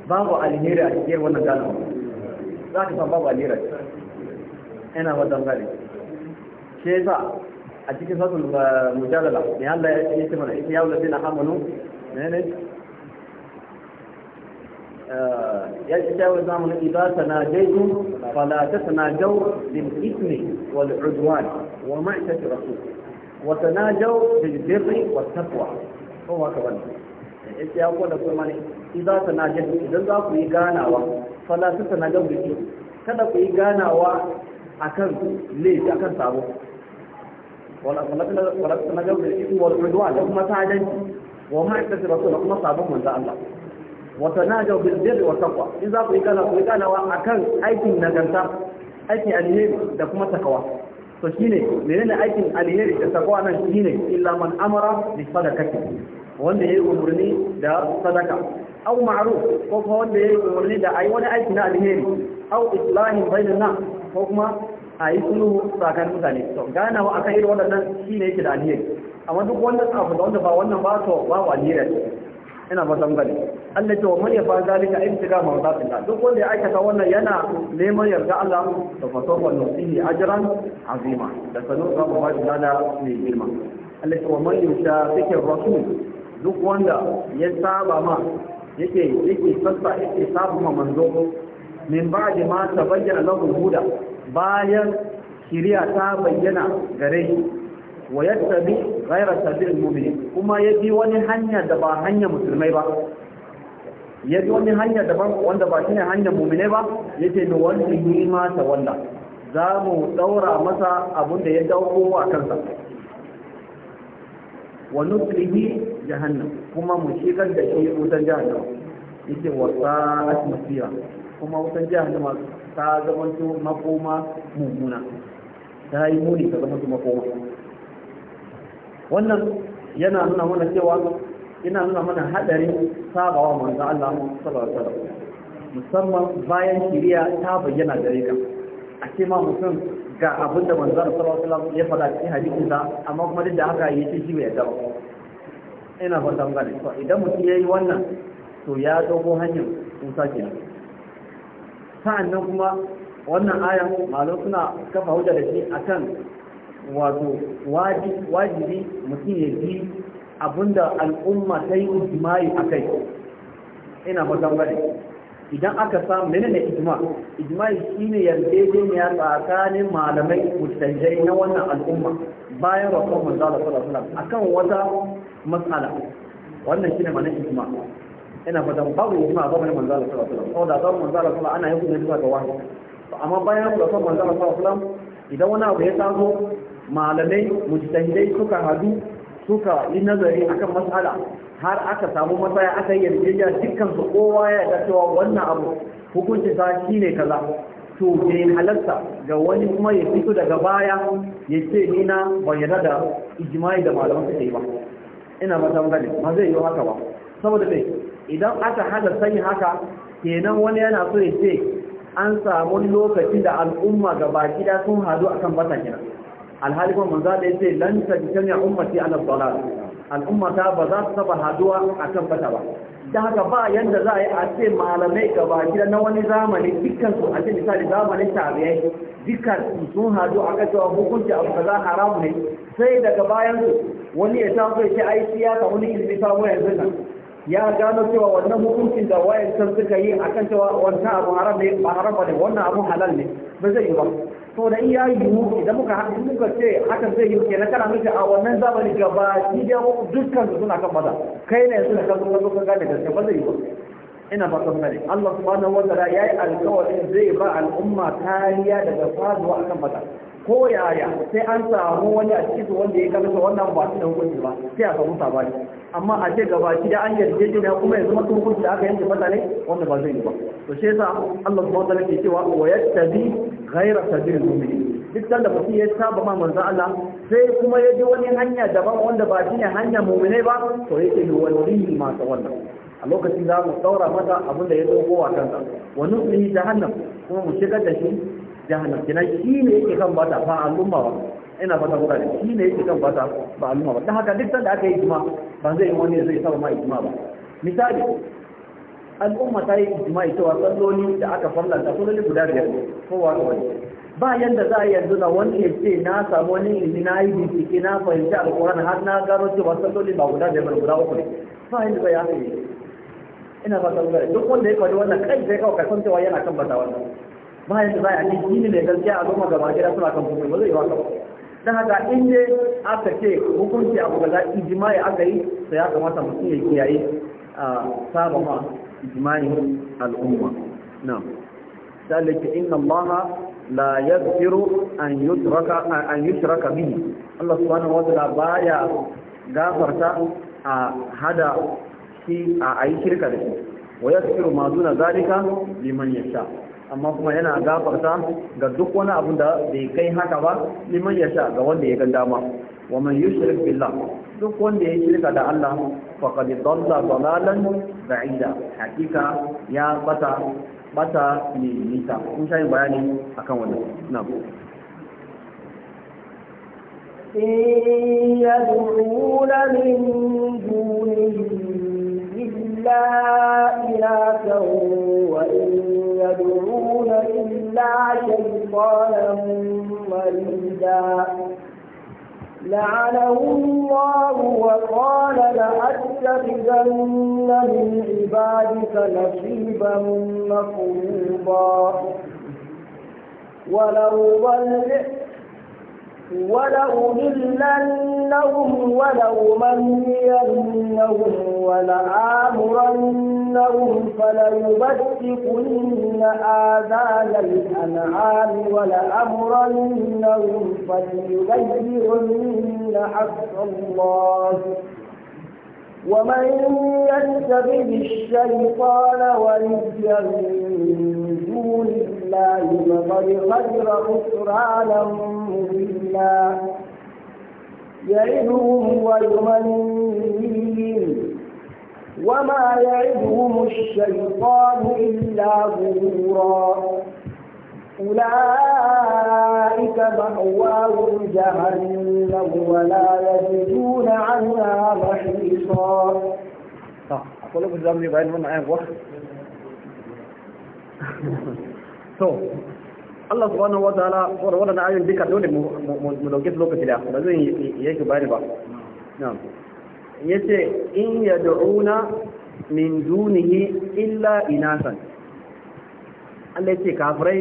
babu alheri a cikin wannan ganawa za ka san babu alira ina wadan gari ke yasa a cikin sasul mujadala ne Allah ya ce mana ita yawon lafiya hamanu ne ne ya ce yawon zamanin idza tanajaytum fala tatanajaw bil ithmi wal udwan wa ma'siyati rasul wa tanajaw bil birri wat taqwa ko haka wannan ita ya ko da kuma ne idza tanajaytum idan za ku yi ganawa falasifa na gan biki kada ku yi ganawa akan laifi kan sabo falasifa na gan kuma wal udwa da kuma ta'addanci wa ma'aikata ce rasul da kuma sabon wanda Allah wa tanajaw bil birri wa taqwa in za ku yi gana ku yi ganawa akan aikin nagarta aikin alheri da kuma takawa to shine menene aikin alheri da takawa nan shine illa man amara bi sadaqati wanda ya yi umarni da sadaka au ma'aru, ko kuma wanda ya yi umarni da a yi wani aiki na alheri au islahi, bainan nas ko kuma a yi sulhu tsakanin mutane to ganawa akan irin waɗannan ne yake da alheri amma duk wanda tsafa da wanda ba wannan ba to ba babu alheri ina fatan gani Allah ce wa man yafa zalika ibtiga mardatillah duk wanda ya aikata wannan yana neman yarda Allah to fa sawfa nusihi ajran azima da sanu rabu ba da mai girma Allah ce wa man yushaqiqir rasul duk wanda ya saba ma yake yake sassa yake saba ma manzo min da ma tabayyana lahu huda bayan shiriya ta bayyana gare shi wa yattabi ghayra sabil mu'minin kuma ya bi wani hanya da ba hanya musulmai ba ya bi wani hanya da ban wanda ba shine hanya mu'minai ba yace ni wani ni ma ta wanda za mu daura masa abin da ya dauko a kansa wa nuslihi jahannam kuma mu shigar da shi wutar jahannam yake wa sa'at masira kuma wutar jahannam ta zama to makoma mummuna ta yi muni ta zama to makoma wannan yana nuna mana cewa ina nuna mana hadarin sabawa manzo Allah sallallahu alaihi wasallam musamman bayan shiriya ta bayyana gare ka a ce ma mutum ga abin da manzo sallallahu alaihi wasallam ya faɗa cikin hadisin sa amma kuma duk da haka yace shi bai dawo ina fata mun gane to idan mutum yayi wannan to ya dogo hanyar Musa kenan sa'annan kuma wannan aya malo suna kafa hujja da shi akan wato wajibi mutum ya bi abinda al'umma ta yi ijimai a kai ina mazan gari idan aka samu menene ijma ijma ne yarjejeniya tsakanin malamai mustajai na wannan al'umma bayan rasul manzo Allah sallallahu alaihi wasallam akan wata mas'ala wannan shine mana ijma ina fata babu ijma a zamanin manzo Allah sallallahu alaihi wasallam saboda zamanin manzo Allah sallallahu alaihi wasallam ana yin zuwa ga wahayi amma bayan rasul manzo Allah sallallahu alaihi wasallam idan wani abu ya taso malamai mujtahidai suka hadu suka yi nazari akan mas'ala har aka samu masaya aka yi yarjejiya dukkan su kowa ya yarda cewa wannan abu hukunci ta shi ne kaza to bai halarta ga wani kuma ya fito daga baya ya ce ni na bayyana da ijimai da malaman su yi ba ina mata gani ba zai yi haka ba saboda dai idan aka hada sanya haka kenan wani yana so ya ce an samu lokacin da al'umma ga baki da sun hadu akan bata kenan alhali kuma manzo da yace lan tajtami ummati ala dalal al'ummata ba za su taba haduwa a kan ba da haka ba yanda za a yi a ce malamai gaba gida na wani zamani dukkan su a ce misali zamanin tarihi dukkan sun hadu a kan cewa hukunci abu kaza haram ne sai daga bayan su wani ya taso ya ce ai siyasa wani ilimi samu yanzu nan ya gano cewa wannan hukuncin da wayan suka yi akan cewa wannan abu haram ne ba haram ba ne wannan abu halal ne ba zai yi ba to da iya mu. idan muka muka ce hakan zai yi kenan kana nufi a wannan zamani gaba shi da dukkan su suna kan maza kai ne suna kan maza kan gane gaske ba zai yi ba ina ba kuma ne Allah subhanahu wa ta'ala yayi alƙawarin zai ba al'umma kariya daga faruwa, akan maza ko yaya sai an samu wani a cikin wanda ya kamata wannan ba shi da hukunci ba sai a samu sabani amma a ce gaba shi da an yarda da kuma yanzu mutum hukunci da aka yanke mata ne wanda ba zai yi ba to sai yasa Allah subhanahu wa ta'ala ke cewa wa yattabi غير سبيل المؤمنين duk da mutum ya saba ma manzo Allah sai kuma ya ji wani hanya daban wanda ba shine hanya mu'mine ba to yake ni waliyi ma wannan a lokacin za mu daura mata abin da ya dogo a kansa wa nuslihi jahannam kuma mu shigar da shi jahannam kina shi ne yake kan bata fa al'umma ba ina fata kuka da shi ne yake kan bata ba al'umma ba dan haka duk da aka yi ijma ba zai yi wani zai saba ma ijma ba misali al'umma ta yi ijma'i cewa tsalloli da aka farlanta tsalloli guda biyar kowa da wani ba yanda za a yanzu na wani ya ce na samu wani ilimi na yi bincike na fahimci alkur'ani har na gano cewa tsalloli ba guda biyar ba guda uku ne ba yanda ba ya haɗe ina ba tsalloli duk wanda ya faɗi wannan kai sai kawai kasan cewa yana kan bata wannan ba yanda za a yi ne mai gaskiya a zoma gaba gida suna kan kuma ba zai yi wa kawai don haka in dai aka ce hukunci abu kaza ijma'i aka yi sai ya kamata mutum ya kiyaye a sabon ma ijma'in al'umma na'am dalika inna allaha la yaghfiru an yushraka an yushraka bihi Allah subhanahu wa ta'ala baya gafarta a hada shi a ayi shirka da shi wa yaghfiru ma duna zalika liman yasha amma kuma yana gafarta ga duk wani abun da bai kai haka ba liman yasha ga wanda ya ga dama wa duk wanda ya shirka da Allah faqad ba'ida hakika ya bata bata ne nisa kun sha yin bayani akan wannan na إن يدعون من دونه إلا لعنه الله وقال لأتخذن من عبادك نصيبا مفروضا ولو ضل ولو منينهم ولآمرنهم إنهم فليبتكن آذان الأنعام ولأمرنهم فليغيرن حق الله ومن يتبع الشيطان وليا من دون الله فقد خسر خسرانا مبينا يعدهم ويمنيهم وما يعدهم الشيطان إلا غرورا أولئك مأواهم جهنم ولا يجدون عنها محيصا Allah subhanahu wa ta'ala wannan ayoyin duka dole mu mu dauke su lokaci da ba zan yi yake bayani ba na'am yace in yad'una min dunihi illa inasan Allah yace kafirai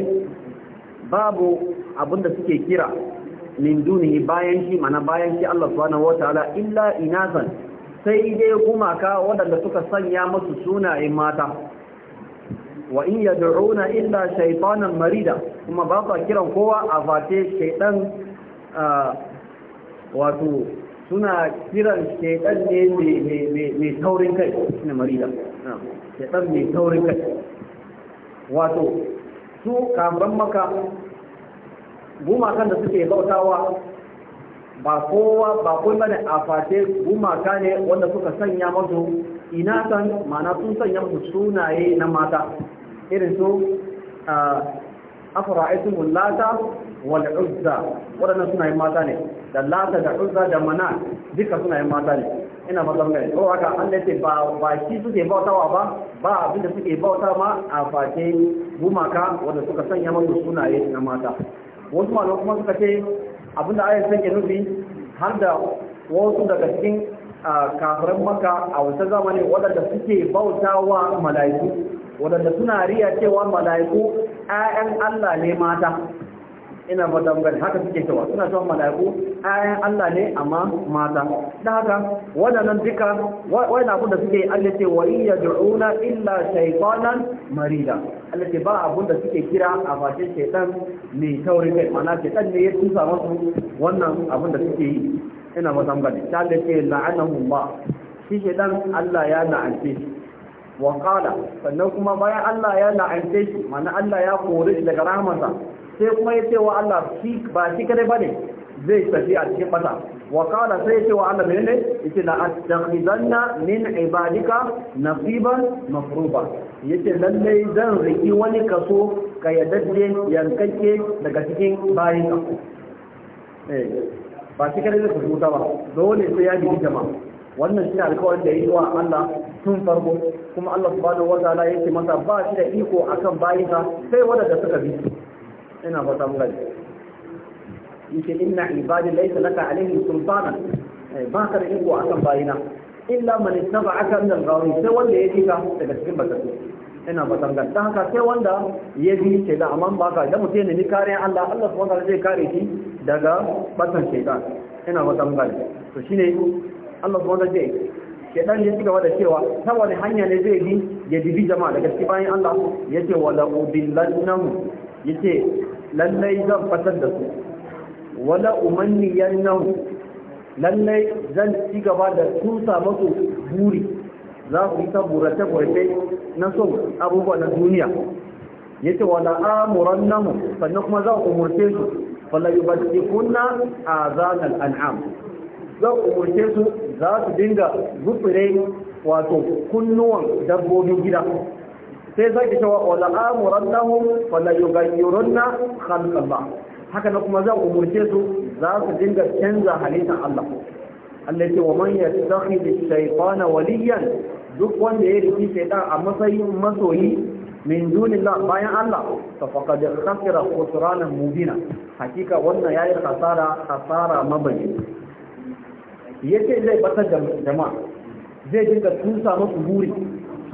babu abinda suke kira min dunihi bayan shi mana bayan shi Allah subhanahu wataala illa inasan sai dai ka waɗanda suka sanya musu sunayen mata wa in yad'una illa shaytanan marida kuma ba kiran kowa a fate shaydan ah, wato suna kiran shekar ne mai taurin kai suna marida shekar mai taurin kai wato su kamar maka gumakan da suke bautawa ba kowa ba kun bane a face gumaka ne wanda suka sanya masu ina san mana sun sanya masu sunaye na mata irin su a ah, afara lata wal uzza suna sunayen mata ne da lata da uzza da mana duka suna yin mata ne ina mazan gani ko haka an da ce ba ba shi suke bautawa ba ba abin da suke bauta ma a face gumaka wanda suka sanya suna sunaye na mata wasu ma kuma suka ce abin da san ke nufi har da wasu daga cikin kafirin maka a wata zamani wadanda suke bautawa mala'iku wadanda suna riya cewa mala'iku 'ya'yan Allah ne mata ina ba tambayar haka suke cewa suna cewa mala'iku ayan Allah ne amma mata da haka wadannan duka wani abun da suke Allah ce wa iya yad'una illa shaytanan marida Allah ce ba abun da suke kira a face shaytan mai taurin kai ma'ana shaytan ne ya tusa masu wannan abun da suke yi ina ba tambayar ta Allah ce la'anahu ba shi shaytan Allah ya la'ance shi wa qala sannan kuma bayan Allah ya la'ance shi ma'ana Allah ya kore daga rahmansa sai kuma ya ce wa Allah ba shi bane zai tafi a cikin mata wa kana sai ce wa Allah menene yace la attakhidanna min ibadika nasiban mafruba yace lalle zan riki wani kaso ka yaddaje yankake daga cikin bayin ka eh, ba shi kare zai mutu ba dole sai ya bi jama'a wannan shi alƙawarin da yi wa Allah tun farko kuma Allah subhanahu wa ta'ala yake masa ba shi da iko akan bayinka sai wanda suka bi ina fata mun gani yake inna ibadi laysa laka alaihim sultana eh, ba ka da iko akan bayina illa man ittaba'aka min al-ghawi sai wanda ya jika daga cikin batatu ina fata gan. gani dan haka sai wanda ya bi ce da amman baka da mutum ne ni kare Allah Allah subhanahu wa zai kare shi daga batan shaytan ina fata gan. to shine Allah subhanahu wa zai shedan ya cigaba da cewa ta wani hanya ne zai bi ya dibi jama'a daga cikin bayin Allah yace wala ubillannahum yace lallai zan fatar da su wala umanni nan lallai zan ci gaba da tusa masu buri za su yi ta burace-burace na son abubuwa na duniya ya ce wala amuran nan sannan kuma za ku umarce su fala yi ba kunna a zanen an'am za umarce su za su dinga gufure wato kunnuwan dabbobin gida sai zaki cewa wala amurannahum fala yughayyirunna khalqa Allah haka na kuma zan umurce su za su dinga canza halittar Allah Allah ce wa man yattakhidhi shaytana waliyan duk wanda ya riki shaytan a matsayin masoyi min dunillah bayan Allah fa faqad khasira khusranan mubina hakika wannan yayi khasara khasara mabayi yace zai batar da jama'a zai dinga tusa musu buri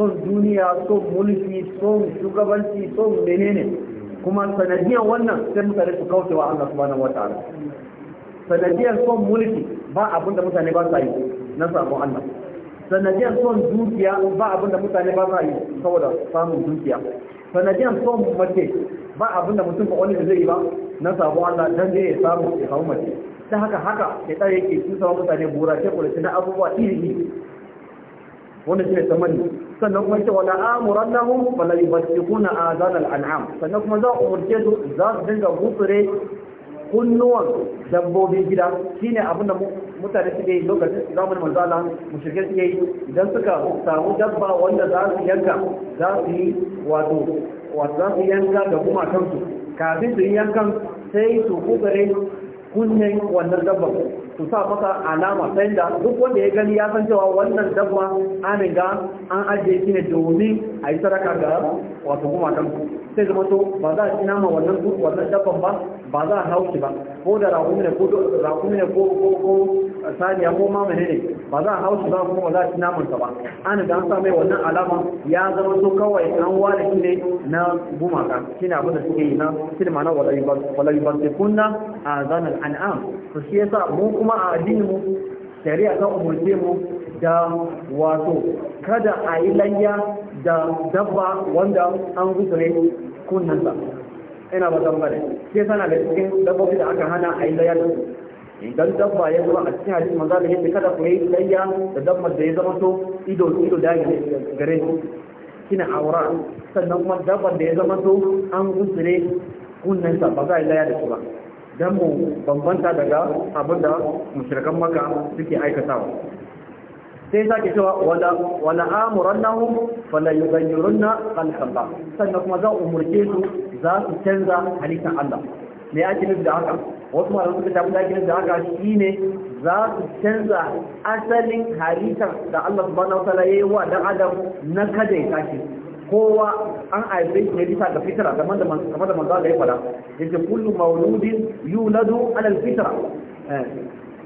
son duniya son mulki son shugabanci son menene kuma sanadiyar wannan sai mutane su kauce wa Allah subhanahu wataala sanadiyar son mulki ba abin da mutane ba sa yi na samu Allah sanadiyar son dukiya ba abin da mutane ba sa yi saboda samun dukiya sanadiyar son mace ba abin da mutum ba wani da zai yi ba na samu Allah dan ne ya samu ya samu mace ta haka haka ya tsare yake tusa mutane burace burace na abubuwa iri wanda shi ne tamanni sannan kuma ita wala amuran lahum wala a azan al'an'am sannan kuma za a umarce su za su dinga gutsure kunnuwan dabbobin gida shine abin da mutane suke yi lokacin zamanin manzala mushrikai suke yi idan suka samu dabba wanda za su yanka za su yi wato wato za su yanka da kuma kansu kafin su yi yankan sai su gutsure kunnen wannan dabban su sa masa alama ta da duk wanda ya gani ya san cewa wannan dabba an ga an ajiye shi ne domin a yi saraka ga wato kuma kan sai zama to ba za a ci nama wannan dabban ba ba za a hau ki ba ko da rakumi ko ko ko ko saniya ko ma ne. ba za a hau ki ba kuma ba za a ci naman ba an da an sa wannan alama ya zama so kawai an wani shi ne na gumaka shine abin da suke yi na silma na ba kunna a zanar an'am to shi yasa mu kuma a addinin mu shari'a ta umarce mu da wato kada a yi layya da dabba wanda an ne kunnansa ina ba zan bane sai sana da cikin dabbobi da aka hana a yi layar idan dabba ya zuwa a cikin hadisi manzo da yake kada ku yi layya da dabbar da ya zama to ido ido da ne gare ku kina aura sannan kuma dabbar da ya zama to an gusure kunnen sa ba za a yi layya da shi ba dan mu bambanta daga abinda mushrikan maka suke aikatawa sai sake cewa wala wala amurannahum fala yughayyirunna khalqa Allah sannan kuma za umurce su za su canza halittar Allah me ake nufi da haka wasu malamai suka tafi da ake nufi da haka shine za su canza asalin halittar da Allah subhanahu ya yi wa dan adam na kada ya tashi kowa an haife shi ne bisa ga fitara kamar da kamar da manzo Allah ya faɗa yace kullu mauludin yuladu ala fitara. Eh,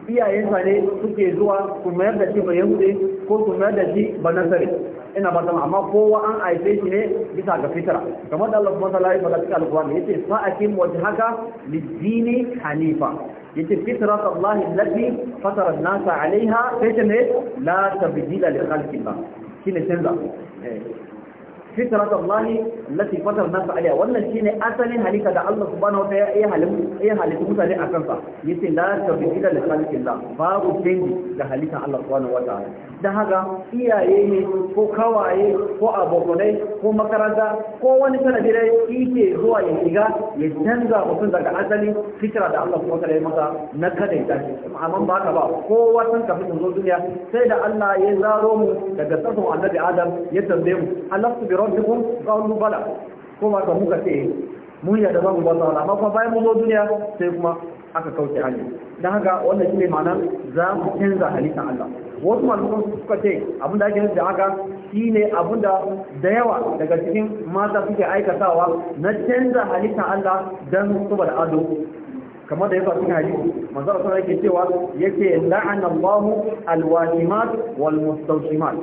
iyayensa ne suke zuwa su mayar da shi mai yahude ko su mayar da shi ba nasare ina ba sama amma kowa an aife shi ne bisa ga fitra kamar da Allah subhanahu wa ta'ala ya cikin alqur'ani yace fa akim haka lid-dini hanifa yace ta Allah lati fatara nasa alaiha sai ne la tabdila li khalqillah shine canza eh. fitrat Allah lati fatar nasu alaiha wannan shine asalin halika da Allah subhanahu wa ta'ala ya halimu ya halitu mutane a kansa yace la da. li khalqillah babu canji da halikan Allah subhanahu wa ta'ala dan haka iyaye ne ko kawaye ko abokanai ko makaranta ko wani sanadi da yake zuwa ya shiga ya canza mutum daga asalin fitra da Allah subhanahu wa ta'ala ya masa na kada ya tashi amma ba ka ba ko san kafin zo duniya sai da Allah ya zaro mu daga tsatson annabi Adam ya tambaye mu alastu bi rabbikum qalu bala kuma ka muka ce mun yarda babu ba ta amma kuma bayan mun zo duniya sai kuma aka kauce hanya dan haka wannan shine ma'ana za mu canza halittar Allah wasu malaman suka ce abin da ake da haka shine abin da da yawa daga cikin mata suke aikatawa na canza halittar Allah dan saboda ado kamar da ya faru cikin hadisi manzo Allah sallallahu alaihi cewa yake la'ana Allahu alwahimat wal mustawshimat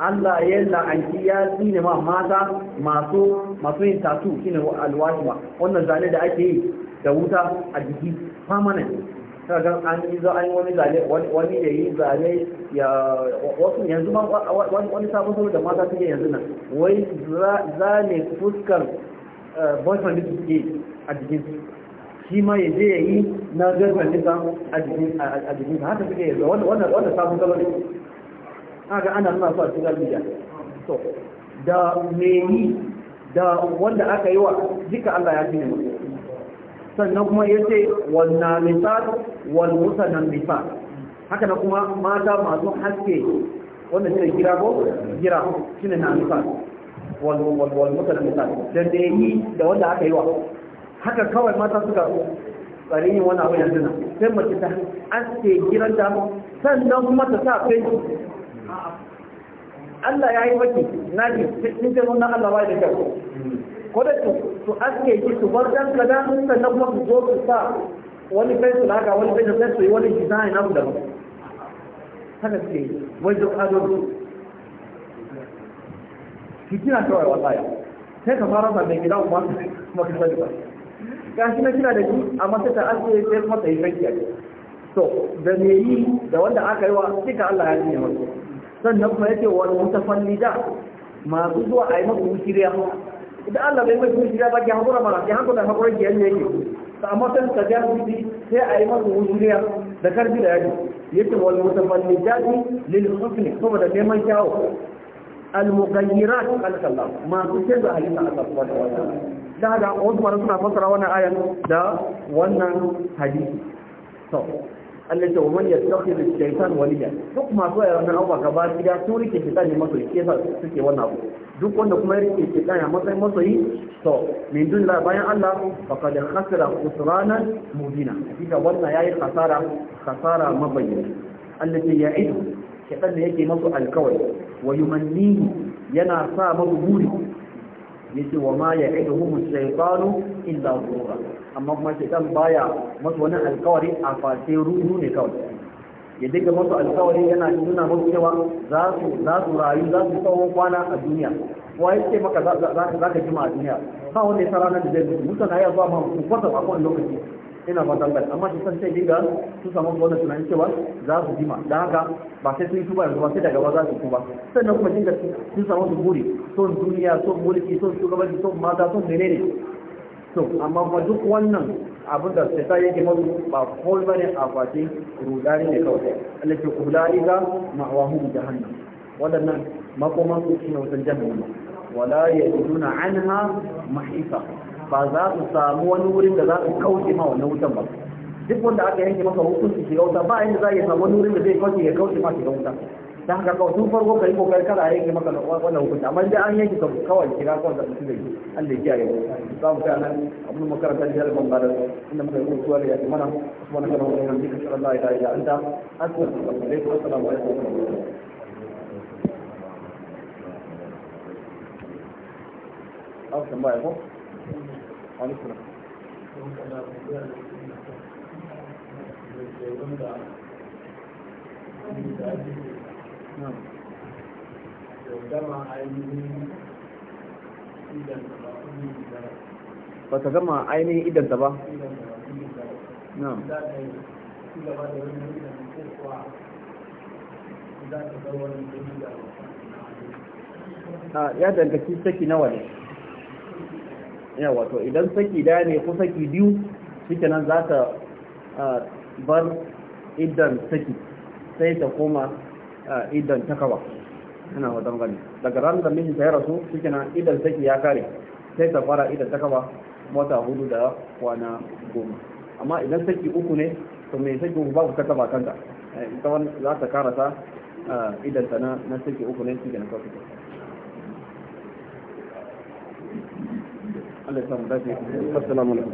Allah ya la'anci ya tsine ma mata masu masu yin tatu shi shine alwahima wannan zane da ake yi da wuta a jiki permanent ga an yi za an wani zane wani ya yi zane ya wasu yanzu ma wani sabon da mata suke yanzu nan wai zane fuskar eh, boyfriend da suke a jikinsu shi ma ya je ya yi na garban nisa a jikin haka suke yanzu wanda samun gaba ne haka ana suna su a cikin media to da meni da wanda aka yi wa duka Allah ya fi ne sannan kuma ya ce wanna misal wal nan misal haka na kuma mata masu haske wanda shi ne gira ko gira shi ne na misal wal musanan misal da meni da wanda aka yi wa haka kawai mata suka bari yin wani abu yanzu na sai mace ta ce giran damu sannan kuma ta sa fenti Allah ya yi maki na ji cikin jirgin na Allah wa da kyau ko da su aske shi su bar dan kada sannan kuma su zo su sa wani fenti su laka wani fenti sai su yi wani design na da haka ce wai duk ado su fitina kawai wallahi sai ka fara ba mai gida kuma maka sani ba gashi na kina da shi a masa an ce sai masa yi fanki a so da me yi da wanda aka yi wa duka Allah ya jiye masa sannan kuma yake wa wani da masu zuwa a yi masa wuciriya idan Allah bai masa wuciriya ba ke hakura mara ke hakura da hakura ki yanne yake ta amma sai ta ga wuci sai a yi masa wuciriya da karfi da yaji yake wa wani mutafallidati lil husni saboda neman kyawu al-mughayyirat khalqa Allah ma su da halin Allah subhanahu wa ta'ala da haka wasu mara suna fasara wannan aya da wannan hadisi So, Allah ya wani ya tsaki da shaitan waliya duk masu yaya wannan abuwa gaba gida sun rike shaitan ne masoyi ke sa suke wannan abu duk wanda kuma ya rike shaitan ya matsayin masoyi So, min dun la bayan Allah faqad khasara khusranan mubina hakika wannan yayi khasara khasara mabayyana Allah ya ya'idu shaitan ne yake masu alkawari wa yumannihi yana sa masu buri yace wa ma ya'iduhum shaytanu illa ghurura amma kuma shaytan baya masu wani alkawari a face ruhu ne kawai ya dinga masu alkawari yana nuna masu cewa za su za su rayu za su tsawon kwana a duniya wa ya ce maka za ka jima a duniya ba wanda ya sa ranar da zai mutu na ya zuwa ma ku kwata a kowane lokaci ina fatan bai amma su san sai dinga su samu wannan tunanin cewa za su jima dan haka ba sai sun tuba yanzu ba sai daga ba za su tuba sannan kuma dinga sun samu su buri son duniya son mulki son shugabanci son mata son menene to amma kuma duk wannan abin da sai ta yake mazu ba kowai bane a kwace rudani ne kawai Allah ke kula wa ma'awahu jahannam waɗannan makoman su ne wajen jahannam wala yajiduna anha mahisa ba za su samu wani wurin da za su kauce ma wannan wutan ba duk wanda aka yanke masa hukunci shiga wuta ba yanda za ya samu wani wurin da zai kauce ya kauce ma ga wuta dan haka kawai tun farko kai kokari kada yanke maka wannan hukunci amma dai an yanke kawai kira kawai da mutum zai Allah ya yi mu mu kana nan abin makaranta da yalban ba da inda muka yi kuwa da yaki mana wannan kana wannan dika sallallahu alaihi ya anta assalamu alaikum assalamu alaikum أو كما يقول ba ta gama ainihin idanta ba ah, Ya ya dangaci saki nawa ne yawa to idan saki da ne ko saki biyu shike nan za ta bar idan saki sai ta koma idan takawa ina wa dangane daga ran da mijinta ya rasu shike nan idan saki ya kare sai ta fara idan takawa wata hudu da kwana goma amma idan saki uku ne to mai saki uku babu takaba kanta eh, ita za ta karasa idan ta na saki uku ne shike nan kawai Allah ya samu dace assalamu alaikum